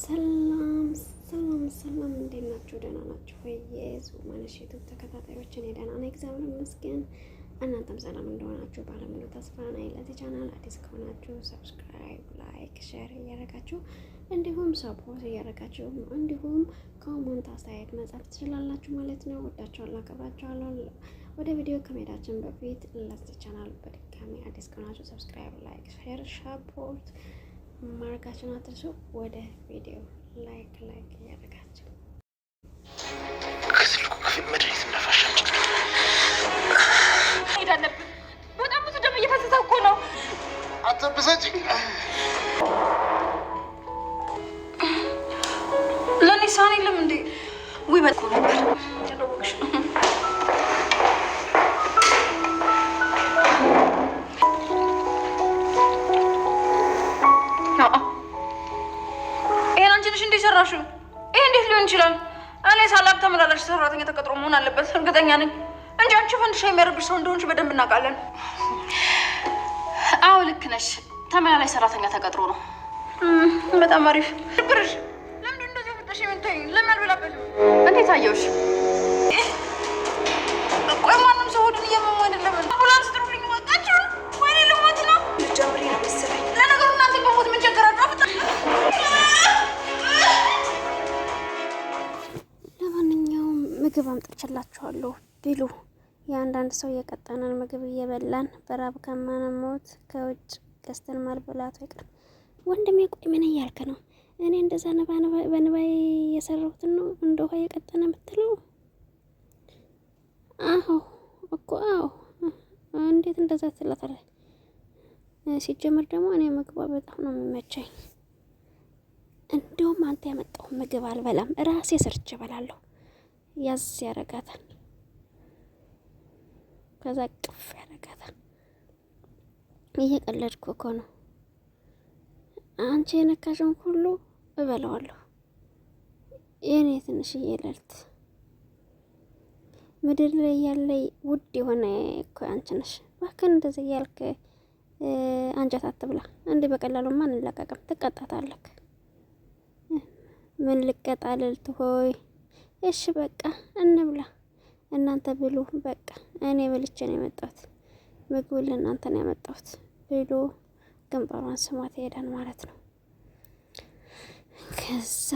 ሰላም ሰላም ሰላም፣ እንዴት ናችሁ? ደህና ናችሁ ወይ? የዙማነሽ ዩቱብ ተከታታዮች እኔ ደህና ነኝ፣ እግዚአብሔር ይመስገን። እናንተም ሰላም እንደሆናችሁ ባለሙሉ ተስፋ ነኝ። ለዚህ ቻናል አዲስ ከሆናችሁ ሰብስክራይብ፣ ላይክ፣ ሼር እያደረጋችሁ እንዲሁም ሰፖርት እያደረጋችሁ እንዲሁም ከኮመንት አስተያየት መጻፍ ትችላላችሁ ማለት ነው። ወዳችኋለሁ፣ አከብራችኋለሁ። ወደ ቪዲዮ ከመሄዳችን በፊት ለዚህ ቻናል በድጋሚ አዲስ ከሆናችሁ ሰብስክራይብ፣ ላይክ፣ ሼር፣ ሰፖርት ማድረጋችሁን አትርሱ። ወደ ቪዲዮ ላይክ ላይክ እያደረጋችሁ እናውቃለን። አዎ ልክ ነሽ። ተመላላይ ሰራተኛ ተቀጥሮ ነው። በጣም አሪፍ ብርሽ። ለምንድን እንደዚህ ወጣሽ? የምታይ ለምን አልበላበትም? እንዴት አየውሽ? ቆይ ማንም ሰው ሆድን እየመሙ አይደለም። አምቡላንስ ጥሩልኝ። ወጣችሁ ወይኔ ልሞት ነው። ልጃምሪ ነው መሰለኝ። ለነገሩ እናንተ በሞት ምን ቸገራችሁ? ለማንኛውም ምግብ አምጥቼላችኋለሁ ብሉ። የአንዳንድ ሰው የቀጠነን ምግብ እየበላን በራብ ከማንሞት ከውጭ ገዝተን ማልበላቱ አይቀርም። ወንድሜ ቆይ ምን እያልክ ነው? እኔ እንደዛ በንባይ የሰራሁትን ነው እንደ ውሃ የቀጠነ የምትለው? አሁ እኮ አሁ እንዴት እንደዛ ትላታለ ሲጀምር ደግሞ እኔ ምግቧ በጣም ነው የሚመቸኝ። እንደውም አንተ ያመጣውን ምግብ አልበላም፣ ራሴ ሰርቼ እበላለሁ። ያዝ ያረጋታል። ከዛ ቅፍ ያደርጋታል። እየቀለድኩ እኮ ነው አንቺ የነካሽን ሁሉ እበላዋለሁ። የኔ ትንሽዬ እየለልት ምድር ላይ ያለ ውድ የሆነ እኮ አንቺ ነሽ። እባክህን እንደዚህ እያልክ አንጀት አትብላ። እንዲህ በቀላሉማ አንላቀቅም፣ ትቀጣታለክ። ምን ልቀጣ ልልት ሆይ? እሺ በቃ እንብላ። እናንተ ብሉ በቃ እኔ በልቼ ነው የመጣሁት፣ ምግቡ ለእናንተ ነው ያመጣሁት ብሎ ግንባሯን ስማት ይሄዳል ማለት ነው። ከዛ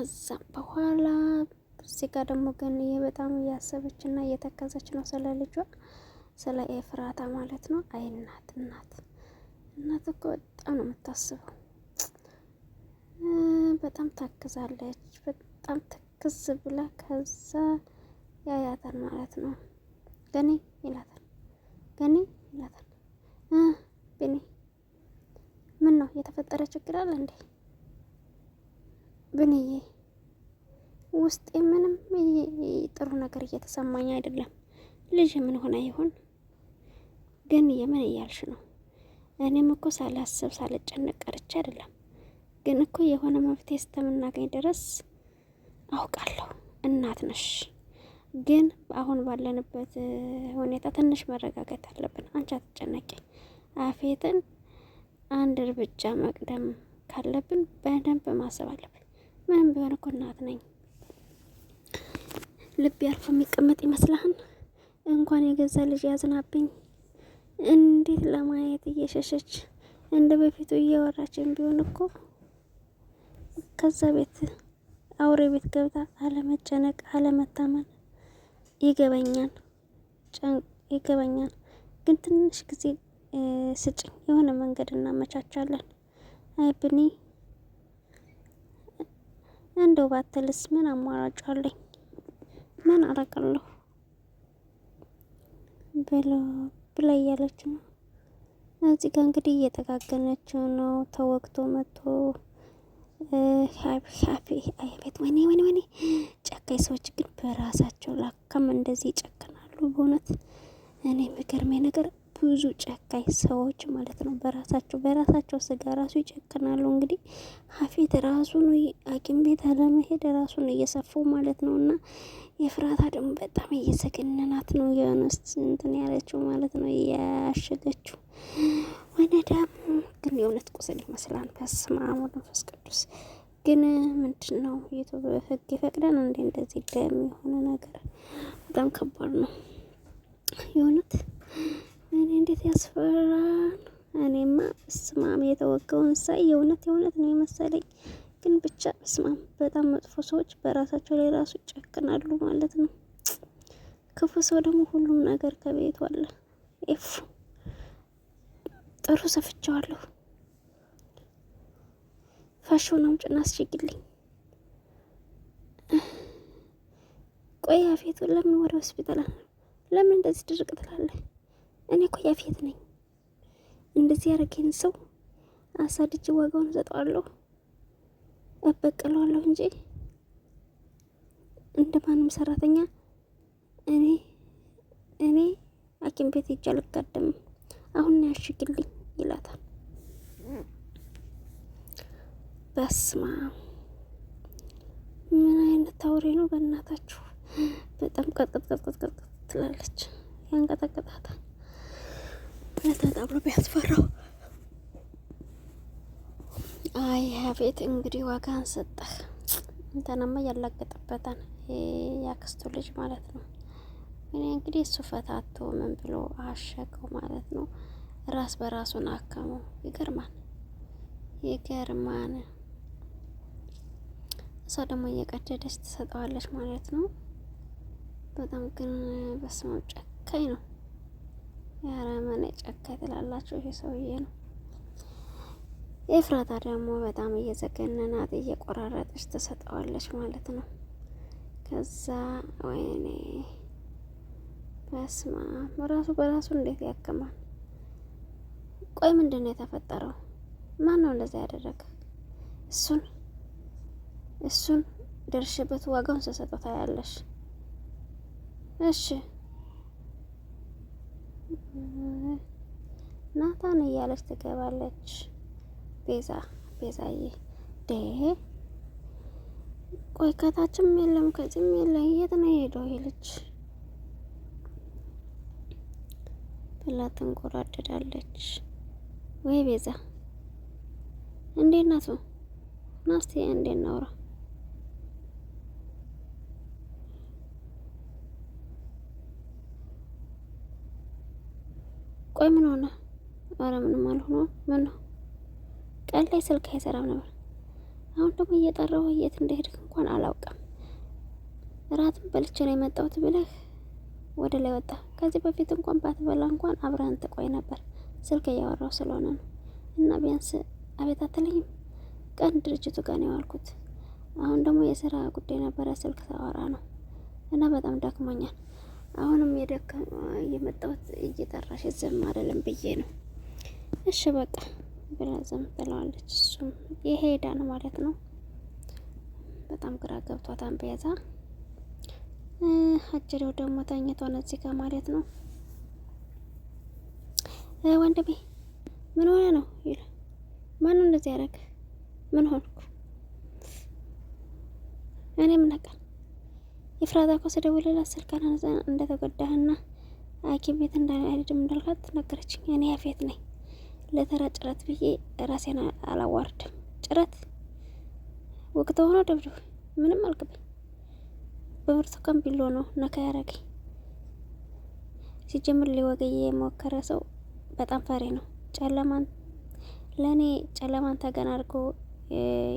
እዛም በኋላ እዚህ ጋር ደግሞ ገንዬ በጣም እያሰበች እና እየተከዘች ነው ስለ ልጇ ስለ ኤፍራታ ማለት ነው። አይናት እናት እናት እኮ በጣም ነው የምታስበው። በጣም ታክዛለች። በጣም ትክዝ ብላ ከዛ ያያታል ማለት ነው። ገኒ ይላታል፣ ገኒ ይላታል። ቢኒ ምን ነው የተፈጠረ ችግር አለ እንዴ? ብንዬ ውስጤ ምንም ጥሩ ነገር እየተሰማኝ አይደለም። ልጅ ምን ሆነ ይሆን? ግን የምን እያልሽ ነው? እኔም እኮ ሳላስብ ሳልጨነቅ ቀርቼ አይደለም ግን እኮ የሆነ መፍትሄ እስከምናገኝ ድረስ አውቃለሁ፣ እናት ነሽ። ግን አሁን ባለንበት ሁኔታ ትንሽ መረጋጋት አለብን። አንቺ አትጨነቂ። አፌትን አንድ እርምጃ መቅደም ካለብን በደንብ ማሰብ አለብን። ምንም ቢሆን እኮ እናት ነኝ። ልብ ያልፎ የሚቀመጥ ይመስልሃል? እንኳን የገዛ ልጅ ያዝናብኝ። እንዴት ለማየት እየሸሸች እንደ በፊቱ እያወራችን ቢሆን እኮ ከዛ ቤት አውሬ ቤት ገብታ አለመጨነቅ፣ አለመታመን ይገባኛል፣ ይገባኛል። ግን ትንሽ ጊዜ ስጭኝ፣ የሆነ መንገድ እናመቻቻለን። አይብኒ እንደው ባትልስ ምን አማራጭ አለኝ? ምን አረጋለሁ ብሎ ብላ እያለች ነው። እዚህ ጋር እንግዲህ እየጠጋገነችው ነው። ተወግቶ መጥቶ ሻፊ አይቤት ወይኔ ወይኔ ወይኔ ጨካኝ ሰዎች ግን በራሳቸው ላካም እንደዚህ ይጨክናሉ። በእውነት እኔ የሚገርመኝ ነገር ብዙ ጨካኝ ሰዎች ማለት ነው በራሳቸው በራሳቸው ስጋ ራሱ ይጨክናሉ። እንግዲህ ሀፊት ራሱን ሐኪም ቤት አለመሄድ ራሱን እየሰፉ ማለት ነው። እና የፍራታ ደግሞ በጣም እየዘገነናት ነው የሆነ እንትን ያለችው ማለት ነው ያሸገችው በነዳሙ ግን የእውነት ቁስል ይመስላል። በስመ አብ ወመንፈስ ቅዱስ ግን ምንድን ነው ህግ ይፈቅዳል እንዴ እንደዚህ ደም የሆነ ነገር? በጣም ከባድ ነው የእውነት እኔ እንዴት ያስፈራል። እኔማ በስመ አብ የተወጋውን ሳይ የእውነት የእውነት ነው የመሰለኝ። ግን ብቻ በስመ አብ በጣም መጥፎ ሰዎች በራሳቸው ላይ ራሱ ይጨክናሉ ማለት ነው። ክፉ ሰው ደግሞ ሁሉም ነገር ከቤቱ አለ ኤፉ ጥሩ ሰፍቼዋለሁ። ፋሽውን አምጪና አስችግልኝ። ቆይ ያፌቱ ለምን ወደ ሆስፒታል ለምን እንደዚህ ድርቅ ትላለህ? እኔ እኮ ያፌት ነኝ። እንደዚህ ያደረገን ሰው አሳድጄ ዋጋውን እሰጠዋለሁ እበቀለዋለሁ እንጂ እንደማንም ሰራተኛ እኔ እኔ ሐኪም ቤት ሄጄ አልጋደምም። አሁን ያሽግልኝ ይላታል። በስማ ምን አይነት አውሬ ነው በእናታችሁ! በጣም ቀጥቀጥቀጥቀጥቀጥ ትላለች። ያንቀጠቀጣታል። እውነት ቢያስፈራው አይ ሀቤት እንግዲህ ዋጋን ሰጠህ። እንተናማ ያላገጠበታን ያክስቱ ልጅ ማለት ነው። እኔ እንግዲህ እሱ ፈታቶ ምን ብሎ አሸገው ማለት ነው። ራስ በራሱን አከመው። ይገርማል፣ ይገርማል። እሷ ደግሞ እየቀደደች ትሰጠዋለች ማለት ነው። በጣም ግን በስመው ጨካኝ ነው። ያረመነ ጨካ ትላላችሁ። ይሄ ሰውዬ ነው። ኤፍራታ ደግሞ በጣም እየዘገነናት እየቆራረጠች ትሰጠዋለች ማለት ነው። ከዛ ወይኔ በስማ ራሱ በራሱ እንዴት ያክማል? ቆይ ምንድን ነው የተፈጠረው? ማን ነው እንደዛ ያደረገ? እሱን እሱን ደርሽበት ዋጋውን ስሰጠታ ያለሽ እሺ ናታን እያለች ትገባለች። ቤዛ ቤዛዬ ዴ ቆይ ከታችም የለም ከዚህም የለም የት ነው የሄደው ልጅ? ብላ ትንጎራደዳለች። ወይ ቤዛ እንዴት ናት? ናስቲ እንዴት ናውራ ቆይ ምን ሆነ? አረ ምንም አልሆነም። ምን ነው ቀን ላይ ስልክ አይሰራም ነበር። አሁን ደግሞ እየጠራው የት እንደሄድክ እንኳን አላውቅም። እራትም በልቼ ነው የመጣሁት ብለህ ወደ ላይ ወጣ። ከዚህ በፊት እንኳን ባትበላ እንኳን አብረን ትቆይ ነበር። ስልክ እያወራው ስለሆነ ነው። እና ቢያንስ አቤት አትለኝም? ቀን ድርጅቱ ጋር ነው የዋልኩት። አሁን ደግሞ የስራ ጉዳይ ነበረ፣ ስልክ ሳወራ ነው። እና በጣም ደክሞኛል። አሁንም የደከ የመጣሁት እየጠራሽ ዝም አይደለም ብዬ ነው። እሺ በቃ ብላ ዝም ትለዋለች። እሱም ይሄዳል ማለት ነው። በጣም ግራ ገብቷታን ቤዛ። አጭሬው ደግሞ ተኝቶ ነው እዚህ ጋር ማለት ነው። ወንድሜ ምን ሆነ ነው ይል ማን እንደዚህ ያደረገ? ምን ሆንኩ እኔ ምን አውቃል? የፍራታ እኮ ስደውልላት ስልክ እንደተጎዳህና ሐኪም ቤት እንዳልሄድም እንዳልካት ነገረችኝ። እኔ ያፌት ነኝ ለተራ ጭረት ብዬ ራሴን አላዋርድም። ጭረት ወቅት ሆኖ ደብድብ ምንም አልክብኝ በብርቱካን ቢሎ ነው ነካ ያረገኝ። ሲጀምር ሊወገኝ የሞከረ ሰው በጣም ፈሪ ነው። ጨለማን ለእኔ ጨለማን ተገን አድርጎ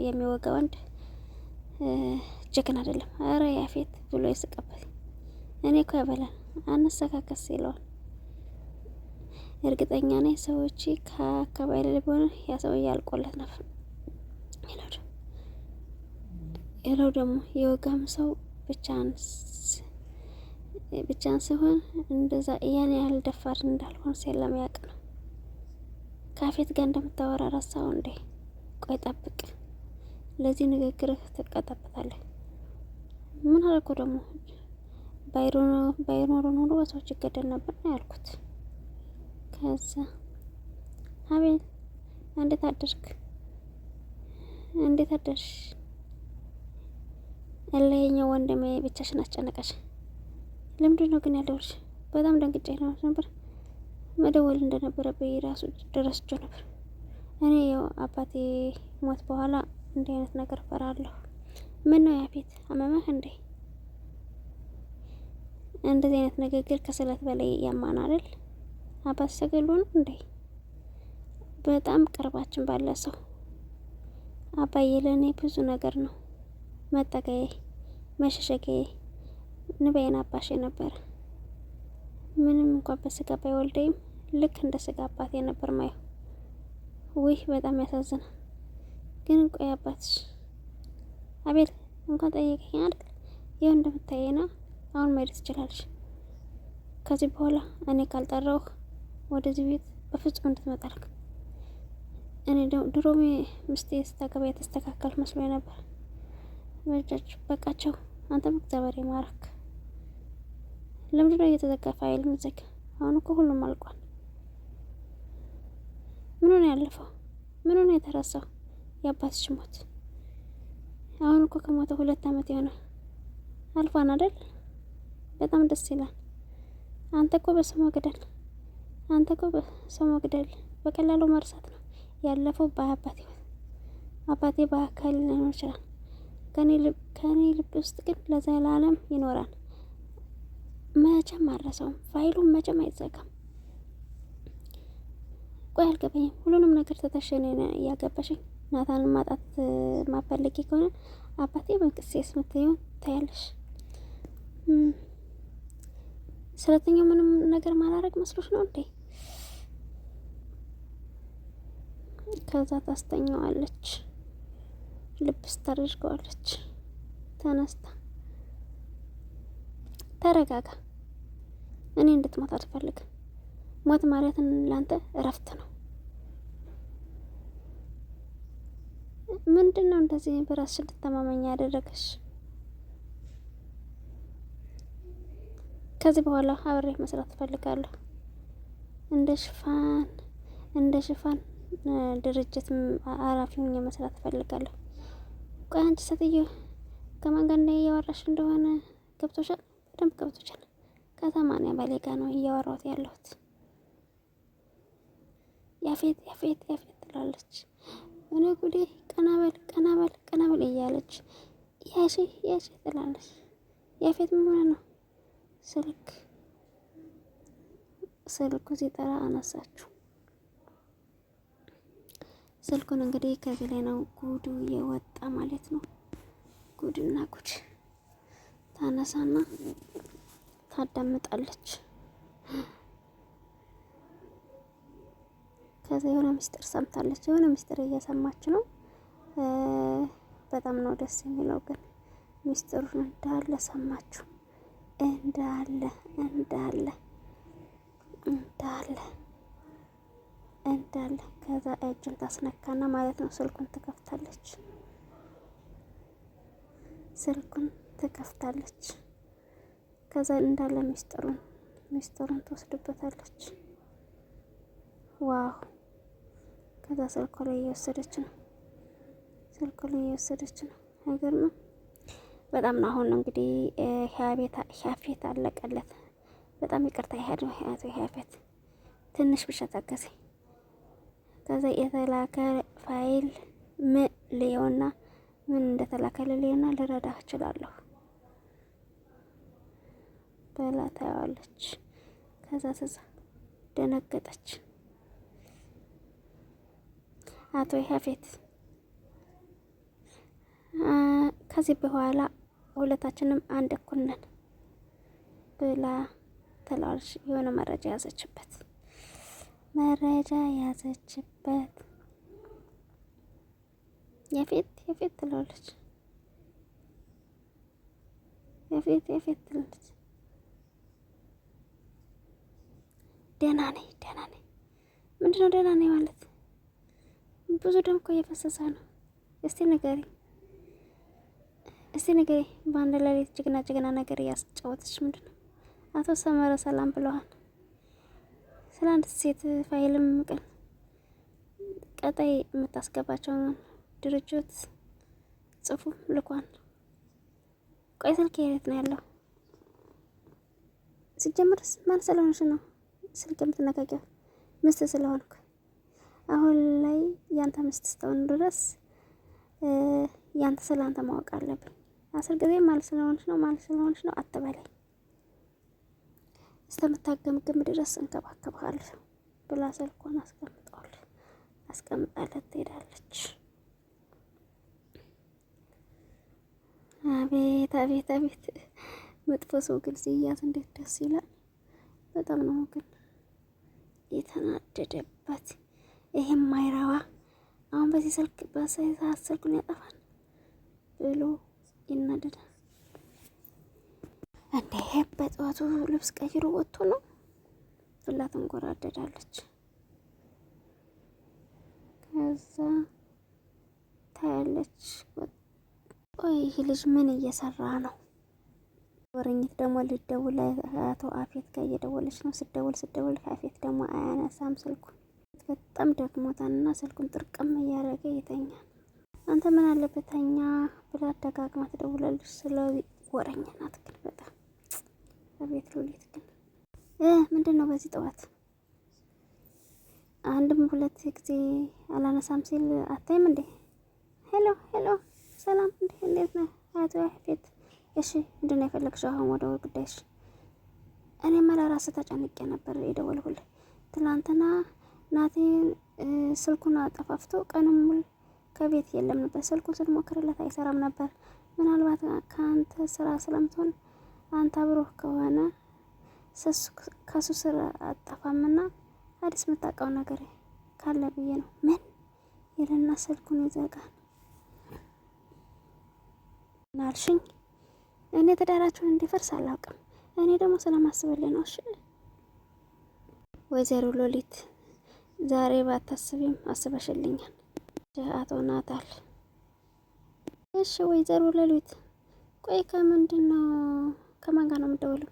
የሚወጋ ወንድ ጀግና አይደለም። አረ ያፌት ብሎ ይስቀበት። እኔ እኮ ያበላል አነሰካከስ ይለዋል። እርግጠኛ ነኝ ሰዎች ከአካባቢ ላይ ቢሆን ያ ሰው እያልቆለት ነበር። ይለው ደግሞ የወጋም ሰው ብቻን ሲሆን እንደዛ ያን ያህል ደፋር እንዳልሆን ስለሚያውቅ ነው። ካፌት ጋር እንደምታወራ ረሳው እንዴ? ቆይ ጠብቅ፣ ለዚህ ንግግር ትቀጣበታለህ። ምን አልኩ ደግሞ? ባይኖር ኖሮ በሰዎች ይገደል ነበር ነው ያልኩት። ከዛ አቤል እንዴት አደርክ? እንዴት አደርሽ? ያለኛው ወንድሜ ብቻሽን አስጨነቀሽ። ለምንድን ነው ግን ያልደወልሽ? በጣም ደንግጬ ነበር። መደወል እንደነበረብኝ ራሱ ደረስቸው ነበር። እኔ ያው አባቴ ሞት በኋላ እንዲህ አይነት ነገር ፈራለሁ። ምን ነው ያፌት አመመህ እንዴ? እንደዚህ አይነት ንግግር ከስለት በላይ ያማን አይደል? አባት ሰገሉ ነው እንዴ? በጣም ቅርባችን ባለ ሰው አባዬ ለእኔ ብዙ ነገር ነው መጠቀየ መሸሸጌ ንበይን አባሽ ነበር። ምንም እንኳን በስጋ ባይወልደኝም ልክ እንደ ስጋ አባቴ ነበር ማየው። ውይ በጣም ያሳዝናል። ግን ቆይ አባትሽ አቤል እንኳን ጠየቀኝ አይደል? ይኸው እንደምታየና አሁን መሄድ ትችላለሽ። ከዚህ በኋላ እኔ ካልጠራው ወደዚህ ቤት በፍጹም እንድትመጣልክ። እኔ ድሮም ሚስቴ ስታገባ የተስተካከል መስሎ ነበር። ምርጫችሁ በቃቸው። አንተም እግዚአብሔር ይማረክ። ለምንድነው እየተዘጋ ፋይል ምዘግ? አሁን እኮ ሁሉም አልቋል። ምን ነው ያለፈው? ምን ነው የተረሳው? የአባትሽ ሞት አሁን እኮ ከሞተ ሁለት አመት የሆነ አልፏን አይደል? በጣም ደስ ይላል። አንተ እኮ በሰሞ ግደል፣ አንተ እኮ በሰሞ ግደል። በቀላሉ መርሳት ነው። ያለፈው በአባቴ አባቴ በአካል ሊኖር ይችላል ከኔ ልብ ውስጥ ግን ለዘላለም ይኖራል። መቼም አረሰውም፣ ፋይሉም መቼም አይዘጋም። ቆይ አልገባኝም። ሁሉንም ነገር ተተሸነ እያገባሽኝ ናታን ማጣት ማፈለጊ ከሆነ አባቴ በንቅሴስ ምትየውን ታያለሽ። ስለተኛው ምንም ነገር ማላረግ መስሎች ነው እንዴ? ከዛ ታስተኛዋለች። ልብስ ታደርገዋለች። ተነስታ ተረጋጋ፣ እኔ እንድትሞት አትፈልግም። ሞት ማለት ላንተ እረፍት ነው። ምንድን ነው እንደዚህ በራስሽ እንድትተማመኝ ያደረገሽ? ከዚህ በኋላ አብሬ መስራት እፈልጋለሁ። እንደ ሽፋን እንደ ሽፋን ድርጅት አራፊኝ መስራት እፈልጋለሁ። ቆይ አንቺ ሴትዮ ከማን ጋር እያወራሽ እንደሆነ ገብቶሻል? በደንብ ገብቶሻል። ከተማን ባሌ ጋ ነው እያወራሁት ያለሁት። ያፌት ያፌት ያፌት ትላለች። እኔ ጉዴ ቀናበል ቀናበል ቀናበል እያለች ያሺ ያሺ ትላለች። ያፌት ምን ነው ስልክ ስልኩ ሲጠራ አነሳችሁ። ስልኩን እንግዲህ ከዚህ ላይ ነው ጉዱ የወጣ ማለት ነው። ጉድና ጉድ ታነሳና ታዳምጣለች። ከዛ የሆነ ምስጢር ሰምታለች። የሆነ ምስጢር እየሰማች ነው። በጣም ነው ደስ የሚለው ግን ምስጢሩን እንዳለ ሰማችሁ። እንዳለ እንዳለ እንዳለ እንዳለ ከዛ እጅን ታስነካና ማለት ነው ስልኩን ትከፍታለች። ስልኩን ትከፍታለች። ከዛ እንዳለ ሚስጥሩን ሚስጥሩን ትወስድበታለች። ዋው! ከዛ ስልኩ ላይ እየወሰደች ነው። ስልኩ ላይ እየወሰደች ነው። ነገር ነው በጣም ነው። አሁን እንግዲህ ሀያፌት አለቀለት። በጣም ይቅርታ ያህድ ነው። ሀያፌት ትንሽ ብቻ ታገሰኝ። ከዛ የተላከ ፋይል ምን ልየውና ምን እንደተላከ ልልየውና ልረዳ እችላለሁ በላ ታየዋለች። ከዛ ስዛ ደነገጠች። አቶ ያፌት ከዚህ በኋላ ሁለታችንም አንድ እኩል ነን ብላ ትላለች። የሆነ መረጃ ያዘችበት መረጃ ያዘችበት የፊት የፊት ትላለች የፊት የፊት ትላለች። ደህና ነኝ ደህና ነኝ ነው ደህና ነኝ ማለት? ብዙ ደም እኮ እየፈሰሰ ነው። እስቲ ንገሪ እስቲ ንገሪ። በአንድ ሌሊት ጀግና ጀግና ነገር እያስጫወተች ምንድነው? አቶ ሰመረ ሰላም ብለዋል። ትናንት ሴት ፋይልም ቀን ቀጣይ የምታስገባቸው ድርጅት ጽፉ ልኳን። ቆይ ስልክ የት ነው ያለው? ሲጀምር ማን ስለሆንሽ ነው ስልክ የምትነጋገር? ምስት ስለሆንኩ አሁን ላይ ያንተ ምስት ስተሆን ድረስ ያንተ ስለ አንተ ማወቅ አለብኝ። አስር ጊዜ ማለት ስለሆንሽ ነው ማለት ስለሆንሽ ነው አትበለኝ። እስከምታገምግም ድረስ እንከባከብሃለሁ ብላ ስልኳን አስቀምጠዋል አስቀምጣለት ትሄዳለች። አቤት አቤት አቤት መጥፎ ሰው ግን ሲያት እንዴት ደስ ይላል። በጣም ነው ግን የተናደደበት ይሄም ማይረባ አሁን በዚህ ስልክ በሰዓት ስልኩን ያጠፋል ብሎ ይናደዳል። እንዴ በጠዋቱ ልብስ ቀይሮ ወጥቶ ነው ብላ ትንጎራደዳለች። ከዛ ታያለች። ቆይ ይህ ልጅ ምን እየሰራ ነው? ወረኝት ደግሞ ልደውል አቶ አፌት ጋር እየደወለች ነው። ስደውል ስደውል ከአፌት ደግሞ አያነሳም ስልኩን። በጣም ደግሞታና ስልኩን ጥርቅም እያደረገ ይተኛል። አንተ ምን አለበተኛ ብላ አደጋግማ ትደውላለች። ስለ ወረኛ ናት ግን በጣም አቤት ሉሊት ግን ምንድን ነው በዚህ ጠዋት አንድም ሁለት ጊዜ አላነሳም ሲል አታይም እንዴ? ሄሎ ሄሎ፣ ሰላም እንዴ፣ እንዴት ነህ አቶ ያፌት? እሺ፣ ምንድን ነው የፈለግሽው? አሁን ወደ ጉዳይሽ። እኔማ ለራሴ ተጨንቄ ነበር የደወልኩልህ። ትናንትና ናቴ ስልኩን አጠፋፍቶ ቀንም ሙሉ ከቤት የለም ነበር። ስልኩን ስንሞክርለት አይሰራም ነበር። ምናልባት ከአንተ ስራ ስለምትሆን አንተ አብሮህ ከሆነ ከሱ ስር አጠፋምና አዲስ የምታውቀው ነገር ካለ ብዬ ነው። ምን ይልና ስልኩን ይዘጋል። ናልሽኝ እኔ ትዳራችሁን እንዲፈርስ አላውቅም። እኔ ደግሞ ስለማስበልህ ነው። እሺ ወይዘሮ ሎሊት ዛሬ ባታስቢም አስበሽልኛል። አቶ ናታል እሺ ወይዘሮ ሎሊት ቆይ ከምንድን ነው ከማን ጋር ነው የምደውለው?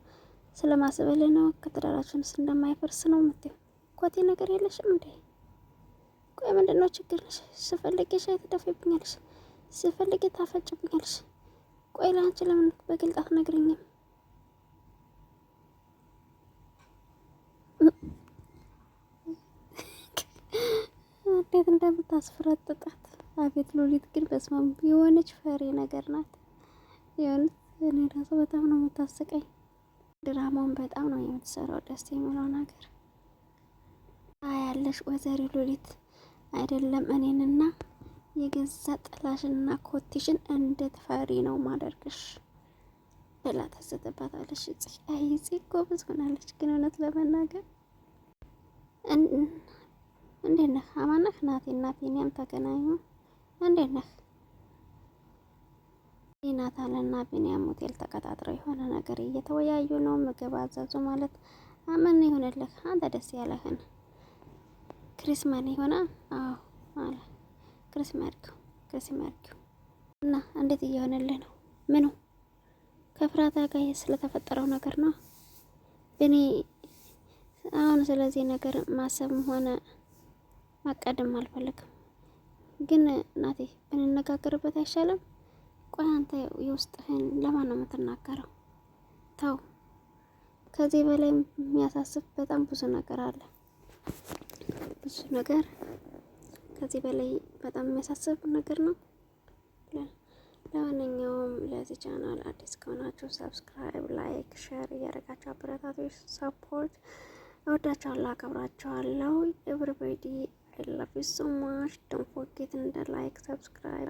ስለማስበል ነው። ከትዳራችንስ እንደማይፈርስ ነው የምትይው? ኳቴ ነገር የለሽም እንዴ? ቆይ ምንድን ነው ችግርሽ? ስፈልግ ሻይ ትደፊብኛለሽ፣ ስፈልግ ታፈጭብኛለሽ። ቆይ ለአንቺ ለምን በግልጽ አትነግሪኝም? እንዴት እንደምታስፈረጥጣት! አቤት ሎሊት ግን በስማም የሆነች ፈሪ ነገር ናት የሆነች እኔ ራሱ በጣም ነው የምታስቀኝ። ድራማውን በጣም ነው የምትሰራው። ደስ የሚለው ነገር ያለሽ ወይዘሮ ሉሊት አይደለም እኔንና የገዛ ጥላሽና ኮቲሽን እንዴት ፈሪ ነው ማደርግሽ ብላ ታሰጥባታለሽ። እጽ አይ እጽ ጎበዝ ሆናለች። ግን እውነት ለመናገር እንዴት ነህ? አማን ነህ? ናቴ ናቴ፣ ተገናኙ። እንዴት ነህ? ናታን እና ቢኒያም ሆቴል ተቀጣጥረው የሆነ ነገር እየተወያዩ ነው። ምግብ አዘዙ። ማለት ምን ይሆንልህ አንተ ደስ ያለህን ክሪስማን ይሆነ? አዎ አለ ክሪስማርክ ክሪስማርክ። እና እንዴት እየሆነልህ ነው? ምኑ ከፍራታ ጋር ስለተፈጠረው ነገር ነው። እኔ አሁን ስለዚህ ነገር ማሰብም ሆነ ማቀድም አልፈልግም፣ ግን ናቴ ብንነጋገርበት አይሻልም? ቆይ አንተ የውስጥህን ለማን ነው የምትናገረው? ተው፣ ከዚህ በላይ የሚያሳስብ በጣም ብዙ ነገር አለ። ብዙ ነገር ከዚህ በላይ በጣም የሚያሳስብ ነገር ነው። ለማንኛውም ለዚህ ቻናል አዲስ ከሆናችሁ ሰብስክራይብ፣ ላይክ፣ ሼር እያደረጋችሁ አበረታቶች ሰፖርት እወዳችኋለሁ፣ አከብራችኋለሁ። ኤቭሪባዲ አይ ላቭ ዩ ሶ ማች ዶንት ፎርጌት እንደ ላይክ ሰብስክራይብ